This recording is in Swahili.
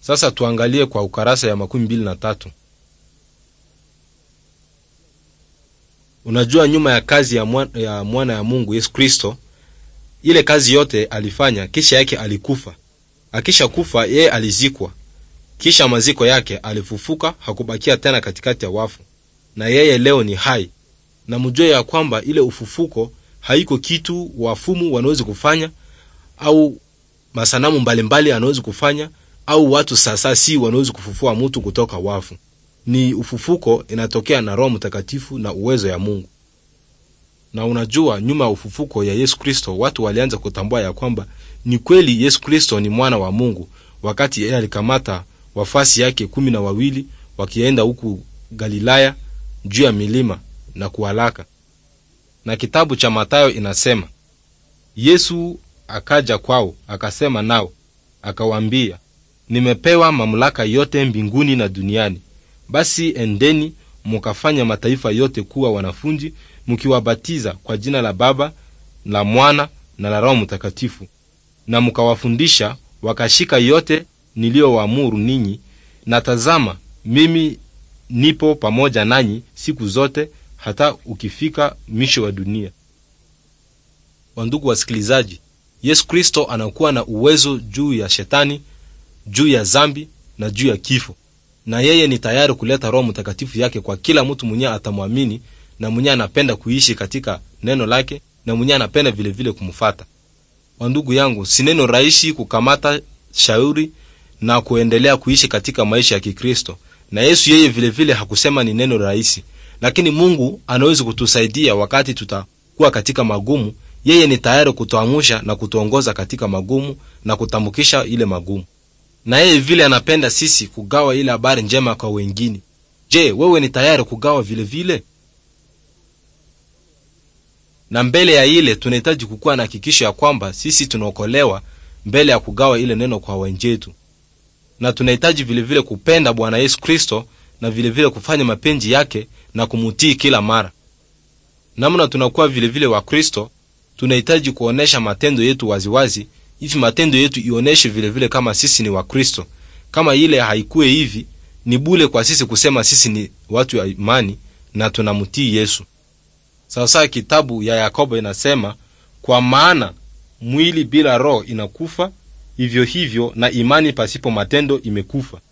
Sasa tuangalie kwa ukarasa ya makumi mbili na tatu. Unajua, nyuma ya kazi ya mwana ya, mwana ya Mungu Yesu Kristo, ile kazi yote alifanya, kisha yake alikufa. Akisha kufa yeye alizikwa, kisha maziko yake alifufuka, hakubakia tena katikati ya wafu, na yeye leo ni hai. Na mjue ya kwamba ile ufufuko haiko kitu wafumu wanawezi kufanya au masanamu mbalimbali anawezi kufanya au watu sasa si wanaweza kufufua mutu kutoka wafu. Ni ufufuko inatokea na Roho Mtakatifu na uwezo ya Mungu. Na unajua, nyuma ya ufufuko ya Yesu Kristo watu walianza kutambua ya kwamba ni kweli Yesu Kristo ni mwana wa Mungu, wakati yeye alikamata wafasi yake kumi na wawili wakienda huku Galilaya juu ya milima na kualaka. Na kitabu cha matayo inasema Yesu akaja kwao, akasema nao, akawaambia nimepewa mamlaka yote mbinguni na duniani. Basi endeni mukafanya mataifa yote kuwa wanafunzi, mukiwabatiza kwa jina la Baba la Mwana na la Roho Mtakatifu, na mukawafundisha wakashika yote niliyowaamuru ninyi, na tazama, mimi nipo pamoja nanyi siku zote hata ukifika mwisho wa dunia. Wandugu wasikilizaji, Yesu Kristo anakuwa na uwezo juu ya shetani juu ya zambi na juu ya kifo, na yeye ni tayari kuleta Roho Mtakatifu yake kwa kila mtu mwenye atamwamini na mwenye anapenda kuishi katika neno lake na mwenye anapenda vilevile kumfata. Wandugu yangu, si neno rahisi kukamata shauri na kuendelea kuishi katika maisha ya Kikristo, na Yesu yeye vilevile vile hakusema ni neno rahisi, lakini Mungu anaweza kutusaidia wakati tutakuwa katika magumu. Yeye ni tayari kutuamusha na kutuongoza katika magumu na kutambukisha ile magumu na yeye vile anapenda sisi kugawa ile habari njema kwa wengine. Je, wewe ni tayari kugawa vile vile? Na mbele ya ile tunahitaji kukuwa na hakikisho ya kwamba sisi tunaokolewa mbele ya kugawa ile neno kwa wenjetu, na tunahitaji vilevile kupenda Bwana Yesu Kristo na vilevile vile kufanya mapenzi yake na kumutii kila mara. Namna tunakuwa vilevile wakristo wa Kristo, tunahitaji kuonesha matendo yetu waziwazi wazi hivi matendo yetu ioneshe vilevile kama sisi ni Wakristo. Kama ile haikuwe hivi, ni bule kwa sisi kusema sisi ni watu wa imani na tunamtii Yesu. Sasa kitabu ya Yakobo inasema, kwa maana mwili bila roho inakufa, hivyo hivyo na imani pasipo matendo imekufa.